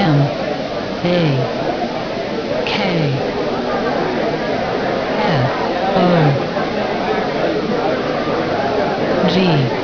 M A K F O G